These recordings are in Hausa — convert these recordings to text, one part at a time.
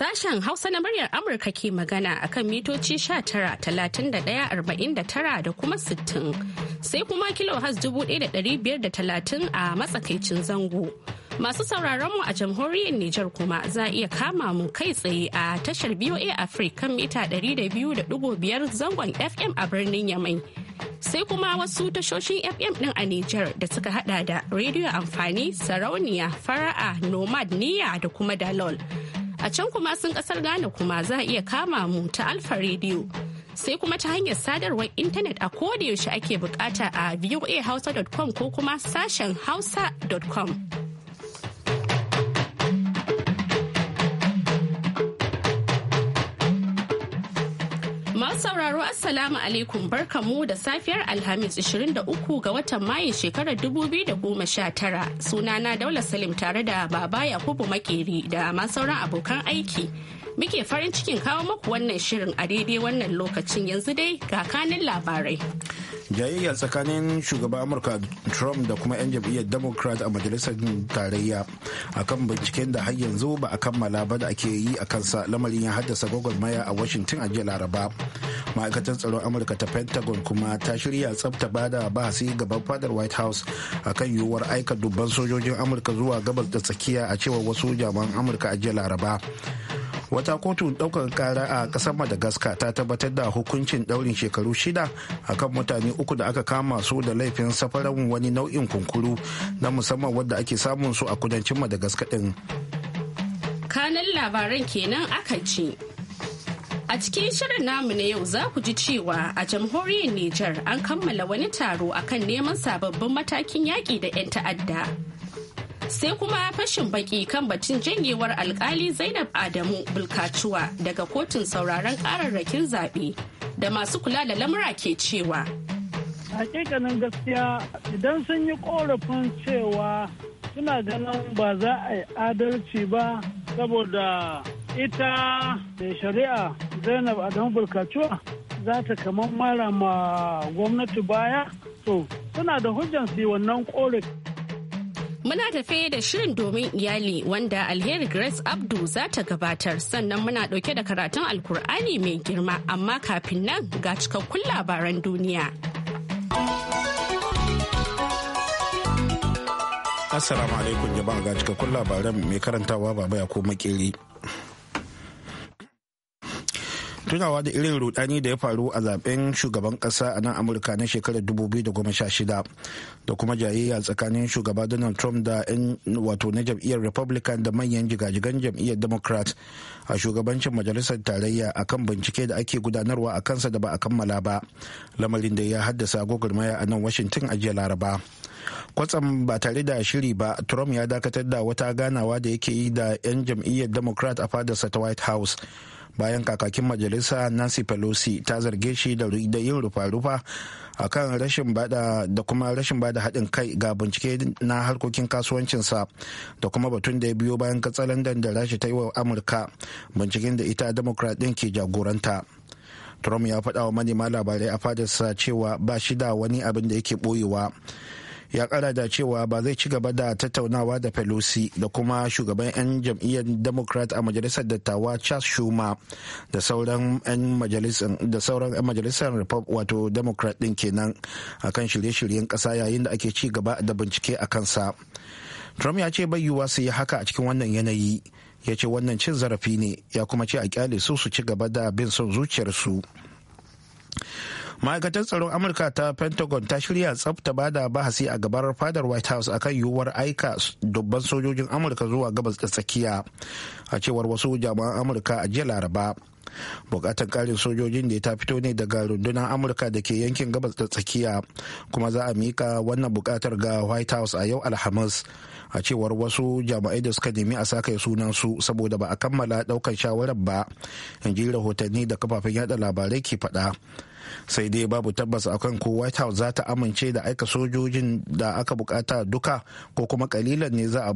Sashen Hausa na muryar Amurka ke magana akan mitoci 19,39,49 da kuma 60 sai kuma kilo has 1,530 a matsakaicin zango. Masu sauraron mu a jamhuriyar Nijar kuma za iya kama mu kai tsaye a tashar BOA Africa kan mita 200.5 zangon FM a birnin Yamai. Sai kuma wasu tashoshin FM din a Nijar da suka hada da rediyo amfani, sarauniya, fara'a, nomad, niya da kuma dalol. A can kuma sun kasar Ghana kuma za a iya kama mu ta Alfa Radio. Sai kuma ta hanyar sadarwar intanet a kodayaushe ake bukata a voahausa.com ko kuma sashen hausa.com. Masu sauraro Assalamu alaikum barkamu da safiyar Alhamis 23 ga watan Mayu shekarar 2019 sunana Daula Salim tare da baba Yakubu Makeri da ma sauran abokan aiki Muke farin cikin kawo maku wannan shirin a daidai wannan lokacin yanzu dai ga kanin labarai. Jayayya tsakanin shugaban Amurka Trump da kuma 'yan jam'iyyar Democrat a majalisar tarayya akan binciken da har yanzu ba a kammala ba da ake yi a kansa lamarin ya haddasa gwagwarmaya a Washington a jiya Laraba. Ma'aikatar tsaron Amurka ta Pentagon kuma ta shirya tsabta bada bahasi gaban fadar White House akan yiwuwar aika dubban sojojin Amurka zuwa gabas da tsakiya a cewar wasu jami'an Amurka a jiya Laraba. wata kotu daukar kara a kasar madagascar ta tabbatar da hukuncin daurin shekaru shida akan mutane uku da aka kama su da laifin safarar wani nau'in kunkuru na musamman wadda ake samun su a kudancin madagascar ɗin kanan labaran kenan aka ce A cikin shirin namu na yau za ku ji cewa a jamhuriyar Nijar an kammala wani taro akan neman sababbin matakin yaƙi da 'yan ta'adda. sai kuma fashin baki kan batun janyewar alkali zainab adamu bulkacuwa daga kotun sauraron kararrakin zaɓe da masu kula da lamura ke cewa hakikanin gaskiya idan sun yi korafin cewa suna ganin ba za a yi adalci ba saboda ita da shari'a zainab adamu bulkacuwa za ta kamar mara ma gwamnati baya to suna da hujjan yi wannan korafi Muna tafe da shirin domin iyali wanda alheri Grace Abdu za ta gabatar sannan muna ɗauke da karatun Alkur'ani mai girma amma kafin nan ga cikakkun labaran duniya. Assalamu alaikum jama'a ga cikakkun labaran mai karantawa baba ya ko makeri. tunawa da irin rudani da ya faru a zaben shugaban kasa a nan amurka na shekarar 2016 da kuma jayayya tsakanin shugaba donald trump da 'yan wato na jam'iyyar republican da manyan jigajigan jam'iyyar democrat a shugabancin majalisar tarayya kan bincike da ake gudanarwa a kansa da ba a kammala ba lamarin da ya haddasa gwagwarmaya a nan washington a jiya laraba kwatsam ba tare da shiri ba trump ya dakatar da wata ganawa da yake yi da 'yan jam'iyyar democrat a fadarsa ta white house bayan kakakin majalisa nancy pelosi ta zarge shi da yin rufa-rufa a kan rashin bada da kuma rashin bada haɗin kai ga bincike na harkokin kasuwancinsa da kuma batun da ya biyo bayan katsalandan da rashi ta yi wa amurka binciken da ita democrat ɗin ke jagoranta trump ya faɗa wa manema labarai a fadarsa cewa ba shi da wani abin da yake ɓoyewa ya kara da cewa ba zai ci gaba da tattaunawa da pelosi da kuma shugaban 'yan jam'iyyar democrat a majalisar dattawa charles schumer da sauran 'yan majalisar wato democrat din kenan akan shirye-shiryen kasa yayin da ake ci gaba da bincike a kansa trump ya ce bai yiwuwa su yi haka a cikin wannan yanayi ya ce wannan cin zarafi ne ya kuma ce a kyale su su ci gaba da bin son zuciyarsu ma'aikatar tsaron amurka ta pentagon ta shirya tsafta ba da bahasi a gabar fadar white house akan yiwuwar aika dubban sojojin amurka zuwa gabas da tsakiya a cewar wasu jami'an amurka a jiya laraba bukatar karin sojojin da ta fito ne daga rundunar amurka da ke yankin gabas da tsakiya kuma za a mika wannan bukatar ga white house a yau alhamis a cewar wasu jami'ai da suka nemi a sakai sunan su saboda ba a kammala daukar shawarar ba in ji rahotanni da kafafen yada labarai ke faɗa sai dai babu tabbas akan ko white house za ta amince da aika sojojin da aka bukata duka ko kuma kalilan ne za a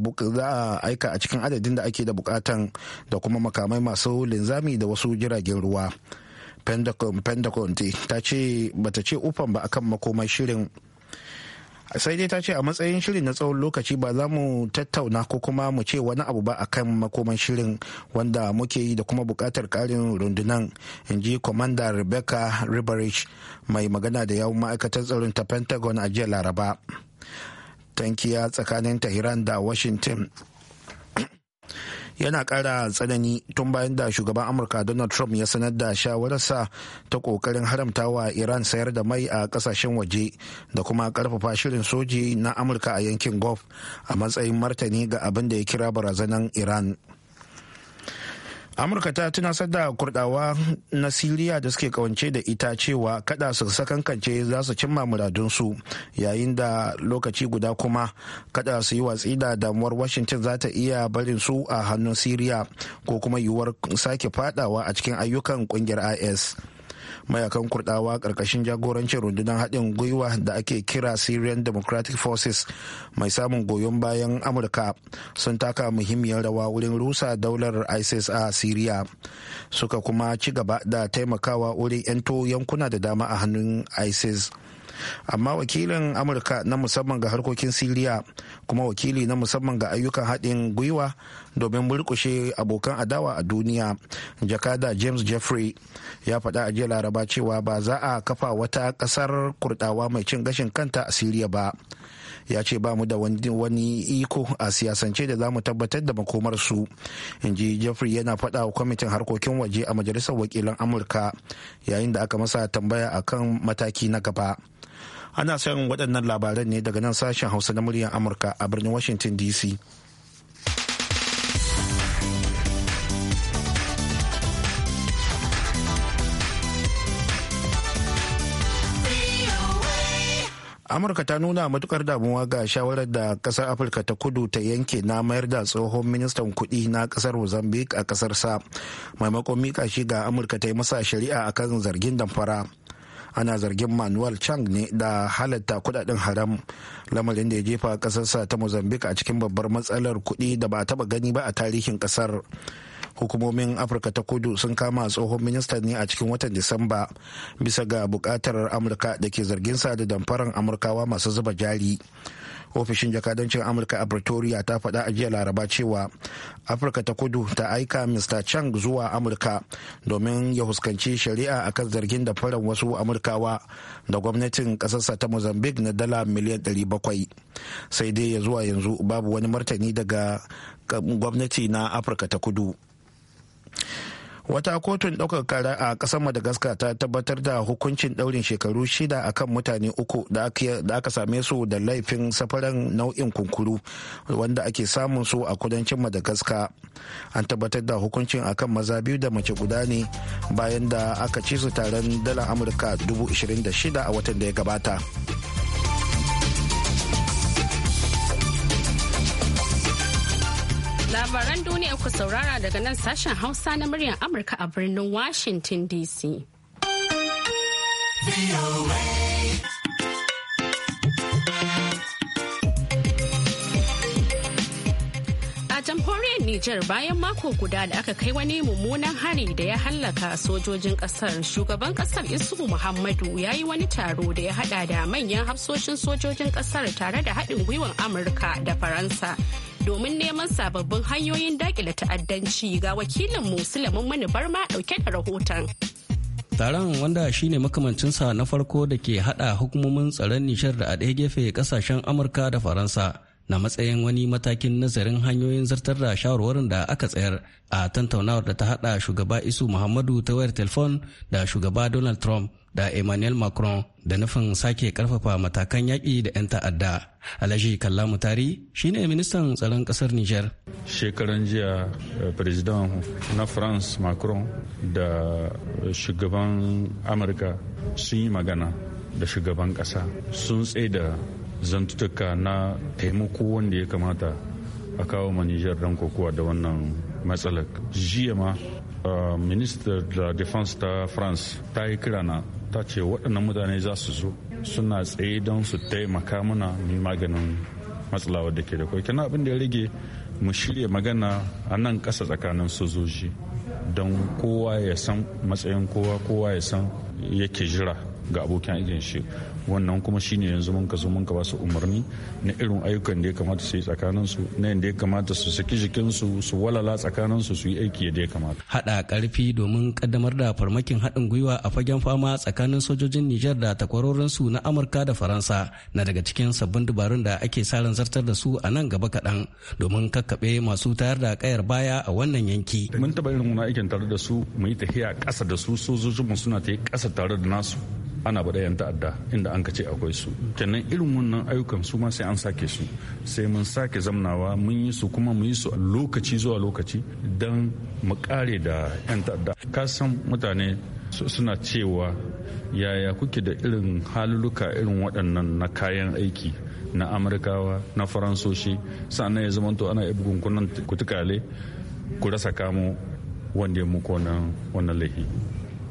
aika a cikin adadin da ake da bukatan da kuma makamai masu linzami da wasu jiragen ruwa pentagon ta ce bata ce ufan ba akan makomar shirin sai dai ta ce a matsayin shirin na tsawon lokaci ba za mu tattauna ko kuma mu ce wani abu ba a kan makoman shirin wanda muke yi da kuma bukatar karin rundunan in ji commander rebecca riberich mai magana da yawon ma'aikatar tsaron ta pentagon a jiya laraba tankiya tsakanin tehran da washington yana ƙara tsanani tun bayan da shugaban amurka donald trump ya sanar da shawararsa ta ƙoƙarin haramtawa iran sayar da mai a ƙasashen waje da kuma ƙarfafa shirin soji na amurka a yankin gulf a matsayin martani ga abin da ya kira barazanan iran amurka ta tunasar da kurdawa na siriya da suke kawance da ita cewa kada su sakankance za su cimma muradunsu yayin da lokaci guda kuma kada su yi watsi da damuwar washington za ta iya barin su a hannun siriya ko kuma yiwuwar sake fadawa a cikin ayyukan kungiyar is mayakan kurdawa karkashin jagorancin rundunar haɗin gwiwa da ake kira syrian democratic forces mai samun goyon bayan amurka sun taka muhimmiyar rawa wurin rusa daular isis a syria suka kuma ci gaba da taimakawa wurin 'yanto yankuna da dama a hannun isis amma wakilin amurka na musamman ga harkokin siriya kuma wakili na musamman ga ayyukan haɗin gwiwa domin murkushe abokan adawa a duniya jakada james jeffrey ya faɗa a jiya laraba cewa ba za a kafa wata ƙasar kurɗawa mai cin gashin kanta a siriya ba ya ce ba mu da wani iko a siyasance da za mu tabbatar da makomarsu in ji jeffrey yana faɗa wa kwamitin harkokin waje a majalisar wakilan amurka yayin da aka masa tambaya akan mataki na gaba ana sayan waɗannan labaran ne daga nan sashen hausa na muryar amurka a birnin washington dc amurka ta nuna matukar damuwa ga shawarar da kasar afirka ta kudu ta yanke na mayar da tsohon ministan kudi na kasar mozambique a kasar maimakon mika shi ga amurka ta yi masa shari'a a kan zargin damfara ana zargin manuel chang ne da halatta kudaden haram lamarin da ya jefa kasarsa ta mozambique a cikin babbar matsalar kudi da ba taba gani ba a tarihin kasar hukumomin afirka ta kudu sun kama tsohon minista ne a cikin watan disamba bisa ga bukatar amurka da ke zargin sa da damfaran amurkawa masu zuba jari ofishin jakadancin amurka a pretoria ta faɗa a jiya laraba cewa afirka ta kudu ta aika mr chang zuwa amurka domin ya fuskanci shari'a akan zargin da wasu amurkawa da gwamnatin ƙasarsa ta mozambique na dala miliyan 700 sai dai ya zuwa yanzu babu wani martani daga gwamnati na afirka ta kudu wata kotun ɗaukar kara a ƙasar madagascar ta tabbatar da hukuncin ɗaurin shekaru shida akan mutane uku da aka same su da laifin safaran nau'in kunkuru wanda ake samun su a kudancin madagascar an tabbatar da hukuncin akan maza biyu da mace guda ne bayan da aka ci su taron dalar amurka shida a watan da ya gabata Labaran duniya ku saurara daga nan sashen Hausa na muryar Amurka a birnin Washington DC. A jamhuriyar Nijar bayan mako guda da aka kai wani mummunan hari da ya hallaka sojojin kasar shugaban kasar Isuhu Muhammadu ya yi wani taro da ya hada da manyan hafsoshin sojojin kasar tare da haɗin gwiwan Amurka da Faransa domin neman sababbin hanyoyin dakile ta'addanci ga wakilin Musulamin Mani Barma dauke da rahoton. taron wanda shine makamancinsa na farko da ke hada hukumomin tsaron nishar da a ɗaya gefe kasashen amurka da faransa na matsayin wani matakin nazarin hanyoyin zartar da shawarwarin da aka tsayar a tantaunawar da ta hada shugaba isu muhammadu ta wayar telefon da shugaba donald trump da emmanuel macron da nufin sake karfafa matakan yaƙi da 'yan ta'adda alhaji kallamu tari shine ministan tsaron ƙasar niger shekaran jiya eh, president na france macron da shugaban amurka sun yi magana da shugaban kasa sun tsaye da zantutuka na taimako wanda ya kamata a kawo manijar dan kokowa da wannan matsalar jiya ma minister da defense ta france ta yi kirana ta ce waɗannan mutane za su zo suna tsaye don su taimaka mana mai maganin matsalawa da ke da kwai na abin da ya rage mu shirya magana a nan ƙasa tsakanin sojoji don kowa ya san matsayin kowa kowa ya san yake jira ga abokin aikin shi wannan kuma shine yanzu mun ka mun ka ba su umarni na irin ayyukan da ya kamata su yi tsakanin su na yadda ya kamata su saki jikin su su walala tsakanin su su yi aiki yadda ya kamata hada karfi domin kaddamar da farmakin haɗin gwiwa a fagen fama tsakanin sojojin Nijar da takwarorin su na Amurka da Faransa na daga cikin sabbin dabarun da ake sa ran zartar da su a nan gaba kaɗan domin kakkaɓe masu tayar da kayar baya a wannan yanki mun taɓa irin wani aikin tare da su mu yi tafiya ƙasa da su sojojinmu suna ta yi ƙasa tare da nasu ana bada yan ta'adda inda an ce akwai su kenan irin wannan ayyukan su ma sai an sake su sai mun sake zamnawa mun yi su kuma mun yi su a lokaci zuwa lokaci don mu kare da yan ta'adda ka san mutane suna cewa yaya kuke da irin haluluka irin waɗannan na kayan aiki na amurkawa na faransoshi sannan ya zama to ana bugun kunan kutukale ku rasa kamo wanda ya muku wannan laifi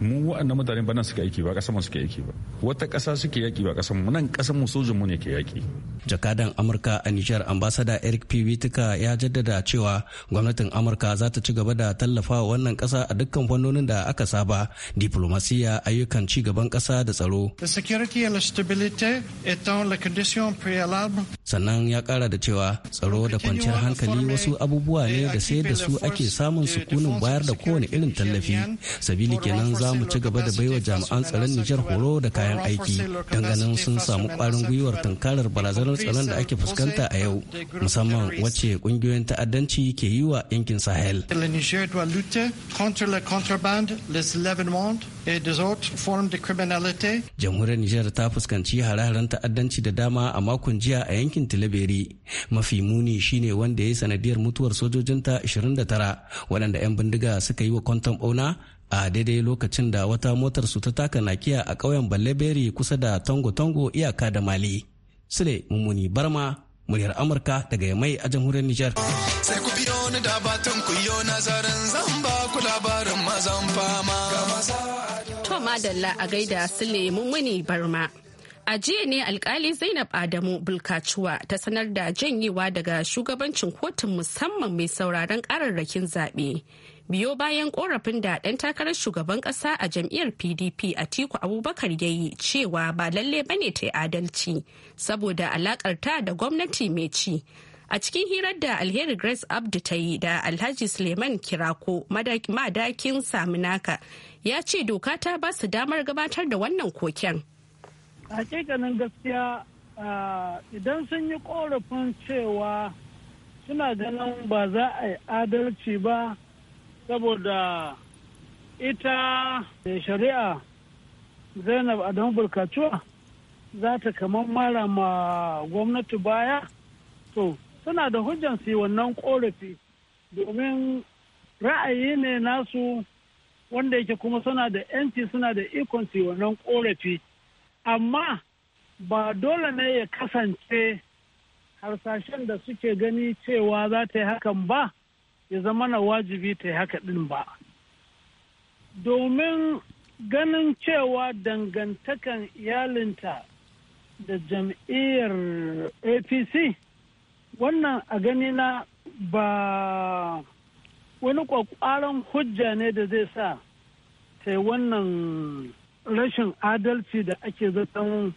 mu waɗannan mutane ba nan suke aiki ba ƙasar mu suke aiki ba wata kasa suke yaƙi ba ƙasar mu nan ƙasar mu sojin mu ne ke yaƙi jakadan amurka a nijar ambasada eric p witika ya jaddada cewa gwamnatin amurka za ta ci gaba da tallafa wannan kasa a dukkan fannonin da aka saba diplomasiya ayyukan ci gaban kasa da tsaro sannan ya kara da cewa tsaro da kwanciyar hankali wasu abubuwa ne da sai da su ake samun sukunin bayar da kowane irin tallafi sabili kenan za mu ci gaba da baiwa jami'an tsaron nijar horo da kayan aiki don ganin sun samu kwarin gwiwar tunkarar barazanar matsalar tsaron da ake fuskanta a yau musamman wacce kungiyoyin ta'addanci ke yi wa yankin sahel jamhuriyar nijar ta fuskanci hare-haren ta'addanci da dama a makon jiya a yankin tilaberi mafi muni shine wanda ya yi sanadiyar mutuwar sojojinta 29 waɗanda 'yan bindiga suka yi wa kwanton bauna a daidai lokacin da wata motar su ta taka nakiya a ƙauyen balleberi kusa da tango tango iyaka da mali Sule Mummuni Barma muryar Amurka daga Yamai a jamhuriyar Nijar. Sai ku biyo ni da batun ku yo nazarin zan ba ku labarin mazan fama. To madalla a gaida Sule Mummuni Barma. A jiya ne alkali Zainab Adamu Bulkacuwa ta sanar da janyewa daga shugabancin kotun musamman mai sauraron kararrakin zaɓe biyo bayan korafin da ɗan takarar shugaban ƙasa a jam'iyyar pdp a tiku abubakar ya yi cewa ba lalle bane ta adalci saboda alakar ta da gwamnati mai ci a cikin hirar da alheri grace abdu ta yi da alhaji suleiman kirako madakin saminaka ya ce doka ta ba su damar gabatar da wannan koken hakikanin gaskiya idan sun yi korafin cewa suna ganin ba za a yi adalci ba saboda ita shari'a zainab adamu bulkacuwa za ta kamar mara ma gwamnati baya to suna da hujjan su wannan korafi domin ra'ayi ne nasu wanda yake kuma suna da 'yanci suna da ikon su wannan korafi amma ba dole ne ya kasance harsashen da suke gani cewa za ta yi hakan ba ya zama na wajibi ta yi haka ɗin ba. Domin ganin cewa dangantakan iyalinta da jam'iyyar APC wannan a gani na ba wani ƙwaƙwaran hujja ne da zai sa ta yi wannan rashin adalci da ake zaton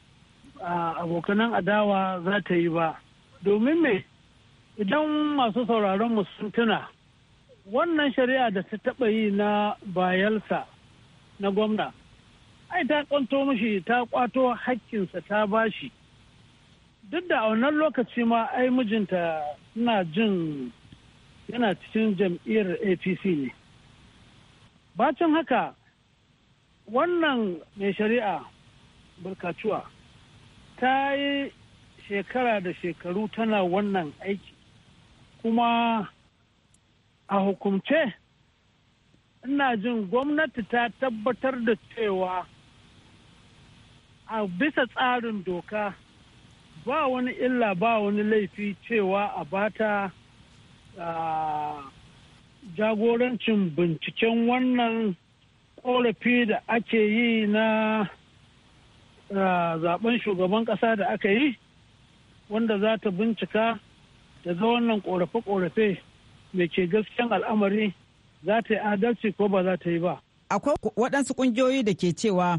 abokanan adawa za ta yi ba. Domin me idan masu sauraron mu tuna wannan shari'a da ta taɓa yi na bayelsa na gwamna ai ta kwanto mashi ta kwato hakkinsa ta bashi duk da a wannan lokaci ma ai mijinta na jin yana cikin jam'iyyar apc ne bacin haka wannan mai shari'a burkacuwa ta yi shekara da shekaru tana wannan aiki kuma a hukumce ina jin gwamnati ta tabbatar da cewa a bisa tsarin doka ba wani illa ba wani laifi cewa a bata jagorancin binciken wannan korafi da ake yi na zaben shugaban kasa da aka yi wanda za ta bincika da ga wannan korafe-korafe me ke gaskiyan al'amari za ta yi adalci ko ba za ta yi ba. Akwai waɗansu ƙungiyoyi da ke cewa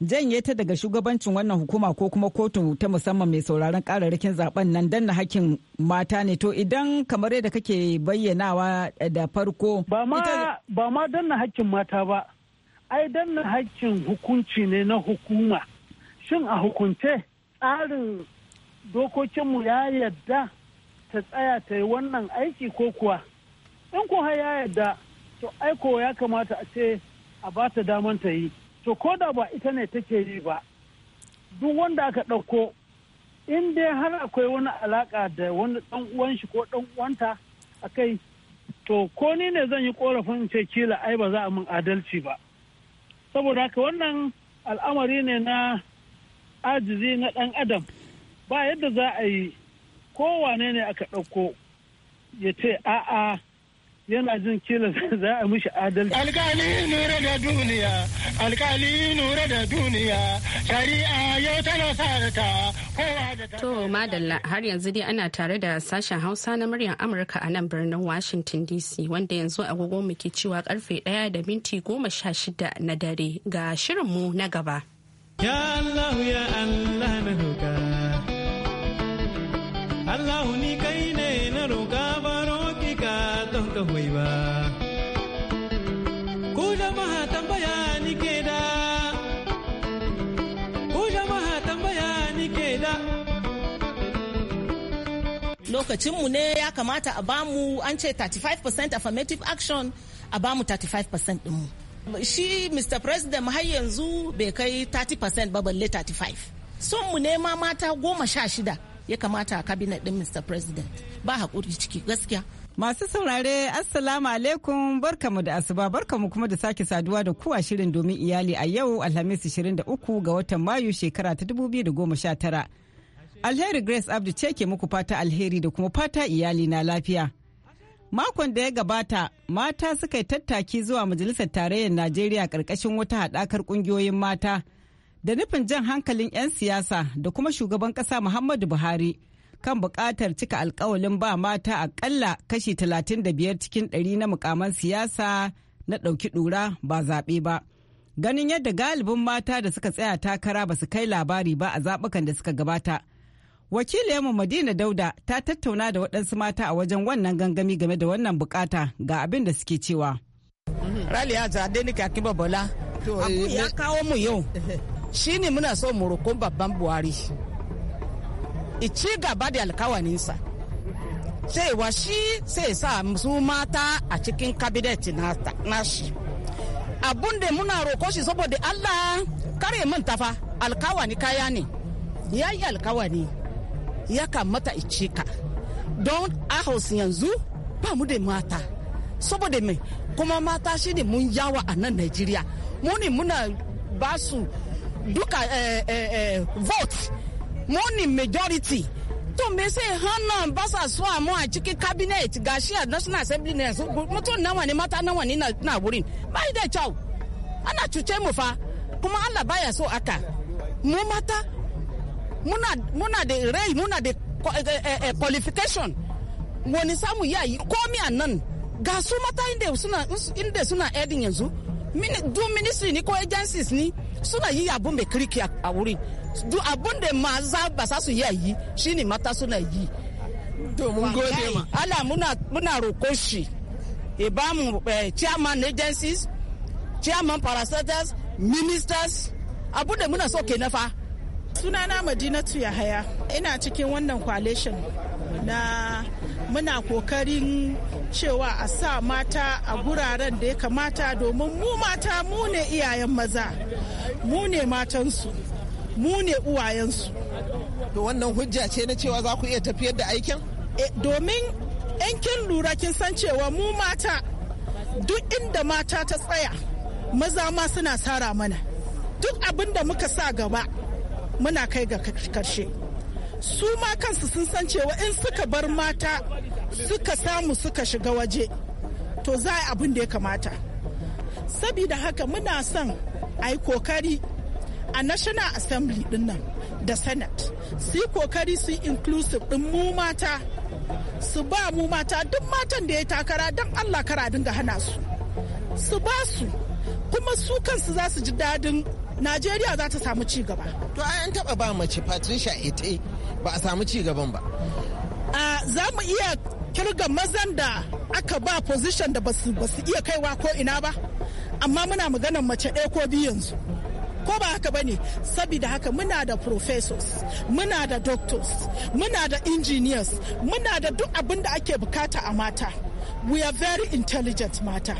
janye ta daga shugabancin wannan hukuma ko kuma kotu ta musamman mai sauraron ƙararrakin zaben nan dan na hakkin mata ne to idan kamar yadda kake bayyanawa da farko ba ma dan na hakkin mata ba ai dan na hakkin hukunci ne na hukuma shin a hukunce tsarin dokokinmu ya yadda ta tsaya ta yi wannan aiki ko kuwa in ku ya yarda to aiko ya kamata a ce a ba ta daman ta yi to ko da ba ita ne take yi ba duk wanda aka ɗauko in dai har akwai wani alaka da wani ɗan uwan shi ko ɗan uwanta a kai to ko ni ne zan yi korafin ce kila ai ba za a min adalci ba saboda haka wannan al'amari ne na ajizi na ɗan adam ba yadda za a yi kowane ne aka ɗauko ya ce a'a yana jin kila za a mishi adalci. Alkali nura da duniya, alkali nura da duniya, shari'a yau tana sarata kowa da ta. To madalla har yanzu dai ana tare da sashen Hausa na muryar Amurka a nan birnin Washington DC wanda yanzu agogo muke cewa karfe ɗaya da minti goma sha shida na dare ga shirinmu na gaba. Ya Allah ya Allah na hukar Allah ni kai ne na roƙa baro ki ka don ka ba. Ku jama'a ke da, ku jama'a tambaya ke da. Lokacinmu ne ya kamata a bamu an ce 35% affirmative action a bamu 35% ɗinmu. Shi Mr. President har yanzu bai kai 30% ba balle 35. Son mu ma mata goma sha shida. ya kamata a cabinet din Mr. President ba hakuri ciki gaskiya. Masu saurare Assalamu alaikum barkamu da asuba barkamu kuma da sake saduwa da kuwa shirin domin iyali a yau Alhamis 23 ga watan Mayu shekara ta 2019. Alheri Grace Abdu ce ke muku fata alheri da kuma fata iyali na lafiya. Makon da ya gabata, mata suka yi tattaki zuwa Majalisar Tarayyar Najeriya ƙarƙashin wata haɗakar ƙungiyoyin mata da nufin jan hankalin 'yan siyasa da kuma shugaban kasa Muhammadu Buhari kan buƙatar cika alkawalin ba mata aƙalla kashi 35 cikin 100 na mukaman siyasa na ɗauki ɗura ba zaɓe ba. Ganin yadda galibin mata da suka tsaya takara ba su kai labari ba a zaɓukan da suka gabata. Wakiliyarmu Madina Dauda ta tattauna da waɗansu mata a wajen wannan gangami game da wannan bukata ga abin da suke cewa. Raliya Zadenika bola abu ya eh, kawo mu yau shi ne muna so mu rukun babban buhari ci gaba da alkawaninsa cewa shi sai sa su mata a cikin kabinet nashi abun da muna roko shi saboda allah kare min tafa alkawani kaya ne ya yi alkawani ya kamata icika don a yanzu ba mu da mata saboda mai kuma mata shi ne mun yawa a nan nigeria muni muna ba duka eh, eh, eh, vote morning majority to me say hannun basa so a cikin cabinet ga shi national assembly na yanzu mutum nawa ne mata nawa ne na wurin bai da kyau ana cuce mu fa kuma ala baya so aka mu mata muna da rai muna da qualification woni samu ya komi a nan ga su mata inda suna inda suna edin yanzu duk ministry ni ko agencies ni suna yi abun mai kirki a wurin do abun da ma za ba sa su yi a yi ne mata suna yi to mun gode ma ala muna muna roƙo shi e ba mu e, chairman agencies chairman parastatals ministers abun da muna so ke na fa sunana madinatu haya ina cikin wannan coalition na muna kokarin cewa a sa mata a guraren da ya kamata domin mu mata mu ne iyayen maza mu ne matansu mu ne uwayensu to wannan hujja ce na cewa za ku iya tafiyar da aikin eh, domin in kin lura kin san cewa mu mata duk inda mata ta tsaya maza ma suna sara mana duk abin da muka sa gaba muna kai ga karshe su ma kansu sun san cewa in suka bar mata suka samu suka shiga waje to za a abin da ya kamata sabida haka muna son a yi kokari a national assembly din nan da senate su yi kokari su yi inclusive din mu mata su ba mu mata duk matan da ya takara don allah kara dinga hana su su ba su kuma su kansu za su ji dadin Najeriya za ta samu ci gaba. To an taba ba mace Patricia Ete ba a samu ci ba. za mu iya kirga mazan da aka ba position da basu basu iya kaiwa ko ina ba amma muna magana mace ɗaya ko biyu yanzu ko ba haka bane saboda haka muna da professors muna da doctors muna da engineers muna da duk abin da ake bukata a mata we are very intelligent mata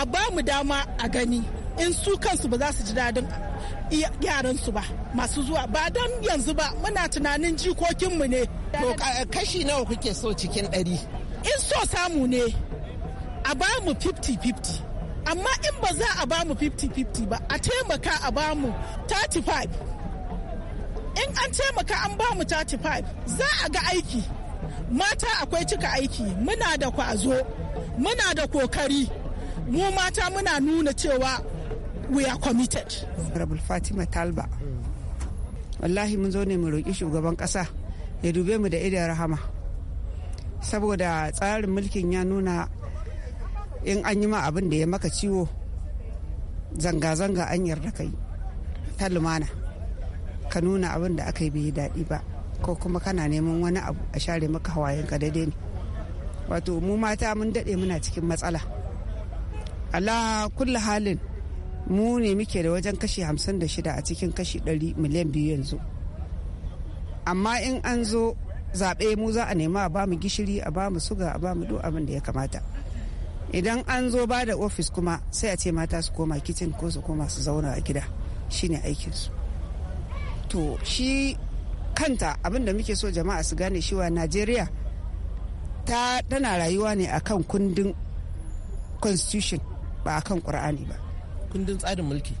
a ba mu dama a gani in su kansu ba za su ji dadin yaransu ba masu zuwa ba don yanzu ba muna tunanin jikokinmu ne kashi nawa kuke so cikin ɗari in so samu ne a ba mu 50-50 amma in ba za a ba mu 50-50 ba a taimaka a ba mu 35 in an taimaka an ba mu 35 za a ga aiki mata akwai cika aiki muna da kwazo muna da kokari mu mata muna nuna cewa we are committed. Honorable Fatima Talba. Wallahi mun zo ne mu roƙi shugaban ƙasa ya dube mu da idan rahama. Saboda tsarin mulkin ya nuna in an yi ma abin da ya maka ciwo zanga-zanga an yarda kai ta lumana ka nuna abin da aka yi bai daɗi ba ko kuma kana neman wani abu a share maka hawayen ka daidai ne wato mu mata mun daɗe muna cikin matsala ala kulla halin mu ne muke da wajen kashi 56 a cikin kashi 100 miliyan biyu yanzu amma in an zo zaɓe mu za a nema a bamu gishiri a bamu suga a bamu duk abin da ya kamata idan an zo ba da ofis kuma sai a ce mata su koma kicin ko su koma su zauna a gida shine aikinsu to shi kanta abin da muke so jama'a su gane shiwa najeriya ta tana rayuwa ne akan kundin constitution ba akan ƙur'ani ba kundin tsarin mulki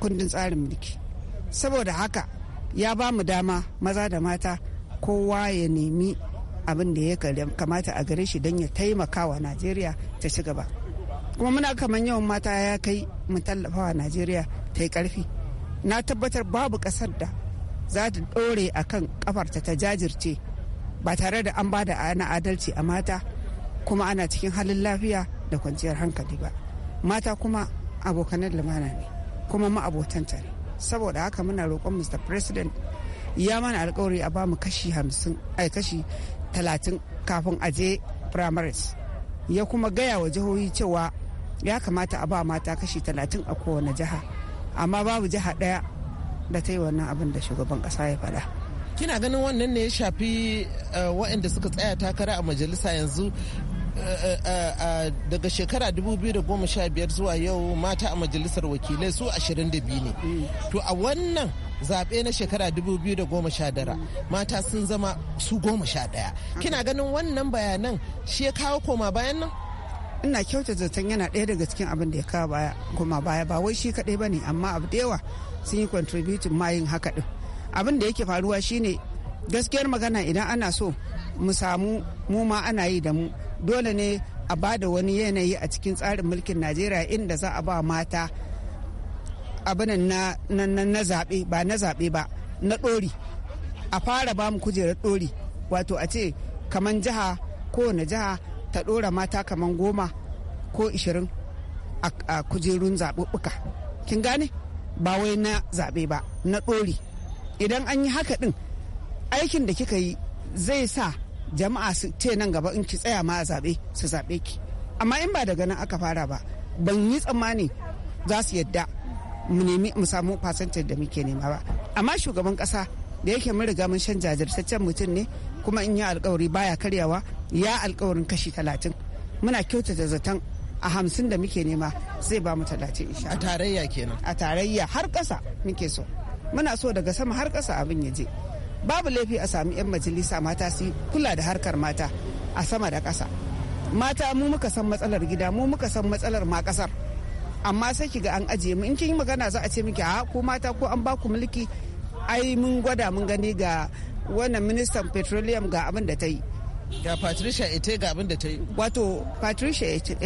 kundin tsarin mulki saboda haka ya ba mu dama maza da mata kowa ya nemi abin da ya kamata a gare shi don ya taimaka wa najeriya ta ci gaba kuma muna kaman yawan mata ya kai mu tallafa wa najeriya ta yi karfi na tabbatar babu kasar da za ta ɗore a kan kafarta ta jajirce ba tare da an ba da ana adalci a mata kuma ana cikin halin lafiya da kwanciyar hankali ba mata kuma abokanar lumana ne kuma ma'abotanta ne saboda haka muna roƙon mr president ya mana alkawari a bamu kashi hamsin ai kashi talatin kafin a je primaries ya kuma gaya wa jihohi cewa ya kamata a ba mata kashi talatin a kowane jiha amma babu jiha ɗaya da ta yi wannan abin da shugaban ƙasa ya faɗa. kina ganin wannan ne ya shafi eh, waɗanda suka tsaya takara a majalisa yanzu daga shekara 2015 zuwa yau mata a majalisar wakilai su 22 ne to a wannan zaɓe na shekara 2019 mata sun zama su 11 kina ganin wannan bayanan shi ya kawo koma bayan nan ina kyauta zaton yana ɗaya daga cikin abin da ya kawo baya kuma baya ba wai shi kaɗai ba ne amma abu da yawa sun yi contributing mayin haka ɗin abin da yake faruwa shine gaskiyar magana idan ana so mu samu mu ma ana yi da mu dole ne a ba da wani yanayi a cikin tsarin mulkin najeriya inda za a ba mata abinan na, na, zaɓe ba na zaɓe ba na ɗori a fara ba mu kujerar ɗori wato a ce kaman jiha kowane jiha ta ɗora mata kaman goma ko ishirin a kujerun zaɓuɓɓuka kin gane ba wai na zaɓe ba na ɗori idan an yi haka ɗin aikin da kika yi zai sa jama'a su ce nan gaba in ki tsaya ma a zaɓe su zaɓe ki amma in ba daga nan aka fara ba ban yi tsammani za su yadda mu nemi mu samu fasantar da muke nema ba amma shugaban ƙasa da yake mun riga mun shan jajirtaccen mutum ne kuma in yi alkawari baya karyawa ya alkawarin kashi talatin muna kyautata zaton a hamsin da muke nema zai ba mu talatin insha a tarayya kenan a tarayya har ƙasa muke so muna so daga sama har ƙasa abin ya je babu laifi a sami 'yan majalisa mata su kula da harkar mata a sama da ƙasa mata mu muka san matsalar gida mu muka san matsalar ma ƙasar amma sai ki ga an ajiye mu in kin yi magana za a ce miki a ko mata ko an ba ku mulki ai mun gwada mun gani ga wannan ministan petroleum ga abin da ta yi ga patricia ete ga abin da ta yi wato patricia ete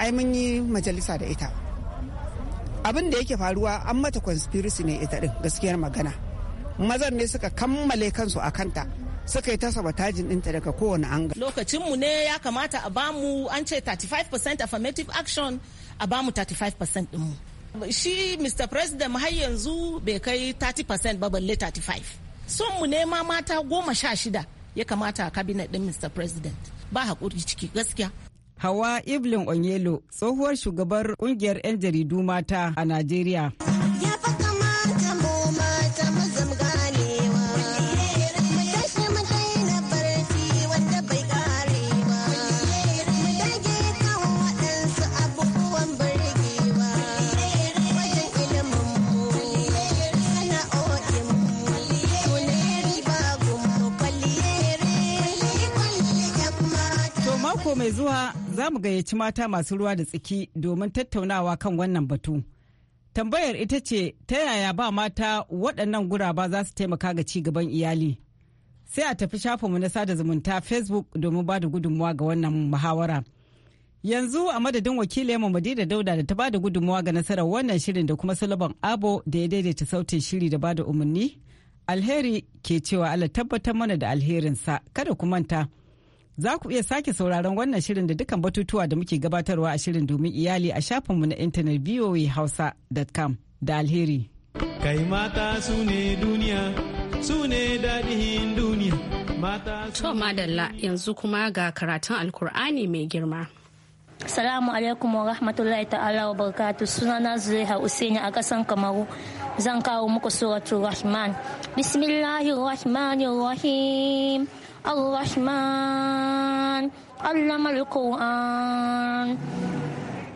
ai mun yi majalisa da ita abin da yake faruwa an mata conspiracy ne ita din gaskiyar magana mazan ne suka kammale kansu a kanta suka yi ta sabotajin ɗinta daga kowane anga. Lokacinmu ne ya kamata a bamu an ce 35% affirmative action a bamu 35% ɗinmu. Shi Mr. President har yanzu bai kai 30% ba balle 35. Son mu ne ma mata goma sha shida ya kamata a kabinet ɗin Mr. President. Ba haƙuri ciki gaskiya. Hawa Evelyn Onyelo, tsohuwar shugabar ƙungiyar 'yan jaridu mata a Najeriya. mai zuwa za mu gayyaci mata masu ruwa da tsiki domin tattaunawa kan wannan batu. Tambayar ita ce ta yaya ba mata waɗannan guraba za su taimaka ga ci gaban iyali. Sai a tafi shafinmu na sada zumunta Facebook domin ba da gudunmuwa ga wannan muhawara. Yanzu a madadin wakilinmu Madina Dauda da ta ba da gudunmuwa ga nasarar wannan shirin da kuma sulaban Abo da ya daidaita sautin shiri da ba da umarni. Alheri ke cewa Allah tabbatar mana da alherinsa kada ku manta. Za ku iya sake sauraron wannan shirin da dukkan batutuwa da muke gabatarwa a shirin domin iyali a shafinmu na intanet voahausa.com da alheri. Kai mata su ne duniya, su ne daɗin duniya. To madalla yanzu kuma ga karatun alkur'ani mai girma. Salamu alaikum wa rahmatullahi ta'ala wa barakatu sunana Zureha Usaini a kasan Kamaru zan kawo muku suratul Rahman. Bismillahirrahmanirrahim. الرحمن علم القرآن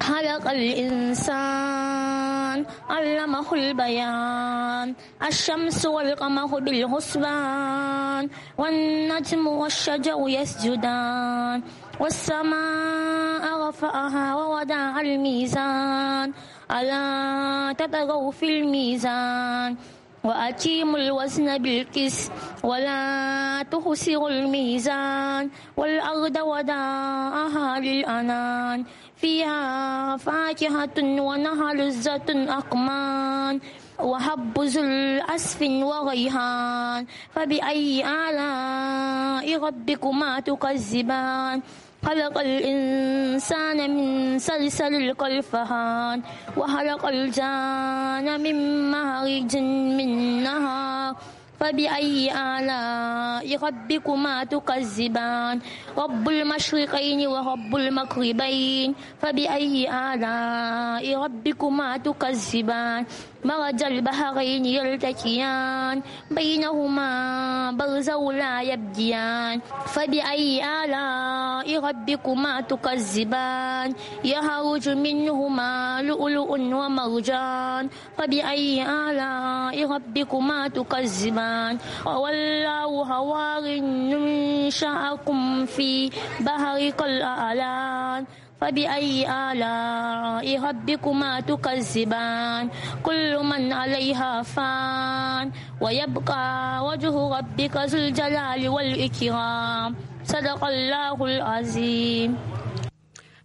خلق الإنسان علمه البيان الشمس والقمر بالغصبان والنجم والشجر يسجدان والسماء رفعها ووضع الميزان ألا تطغوا في الميزان وأتيم الوزن بالكسر ولا تخسروا الميزان والأرض وداءها للأنان فيها فاكهة ونهر ذات أقمان وحب ذو الأسف وغيهان فبأي آلاء ربكما تكذبان خلق الإنسان من سلسل القلفهان وخلق الجان من مهرج من نهار فبأي آلاء ربكما تكذبان رب المشرقين ورب المغربين فبأي آلاء ربكما تكذبان مرج البحرين يلتقيان بينهما برزو لا يبديان فبأي آلاء ربكما تكذبان يهرج منهما لؤلؤ ومرجان فبأي آلاء ربكما تكذبان الرحمن هوار ينشأكم في بحر الأعلان فبأي آلاء ربكما تكذبان كل من عليها فان ويبقى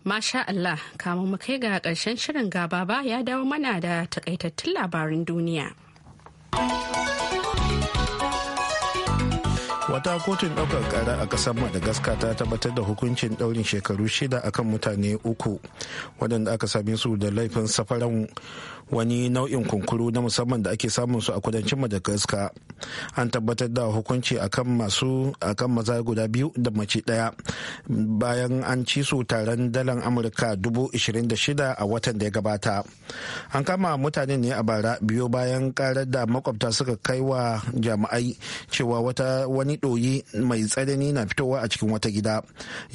Masha Allah, kama mu kai ga ƙarshen shirin gaba ba ya dawo mana da takaitattun labarin duniya. wata kotun ɗaukar ƙara a ƙasar madagascar ta tabbatar da hukuncin ɗaurin shekaru shida akan mutane uku waɗanda aka sami su da laifin safaran wani nau'in kunkuru na musamman da ake samun su a kudancin madagascar an tabbatar da hukunci akan masu akan maza guda biyu da mace daya bayan an ci su taron dalan amurka dubu shida a watan da ya gabata an kama mutane ne a bara biyu bayan karar da makwabta suka kai wa jami'ai cewa wata wani ɗoyi mai tsanani na fitowa a cikin wata gida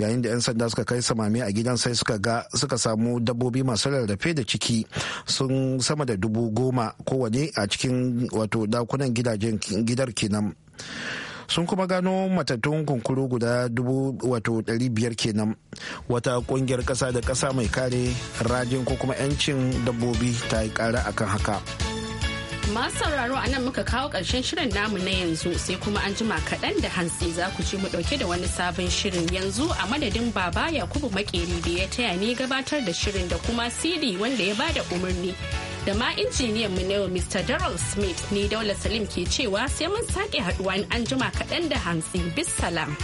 yayin da 'yan sanda suka kai samami a gidan sai suka ga suka samu dabbobi masu rarrafe da ciki sun sama da dubu goma kowane a cikin wato dakunan gidajen gidar kenan sun kuma gano matattun kunkuru guda dubu wato ɗari biyar kenan wata ƙungiyar ƙasa da kasa mai kare rajin ko kuma 'yancin dabbobi ta yi ƙara akan haka masu sauraro a nan muka kawo ƙarshen shirin namu na yanzu sai kuma an jima kaɗan da hantsi za ku ci mu ɗauke da wani sabon shirin yanzu a madadin baba yakubu makeri da ya taya ni gabatar da shirin da kuma cd wanda ya bada umarni da ma injiniyan mu yau Mr. Daryl Smith ni Daula Salim ke cewa sai mun sake haduwa an jima kaɗan da hantsi bis salam.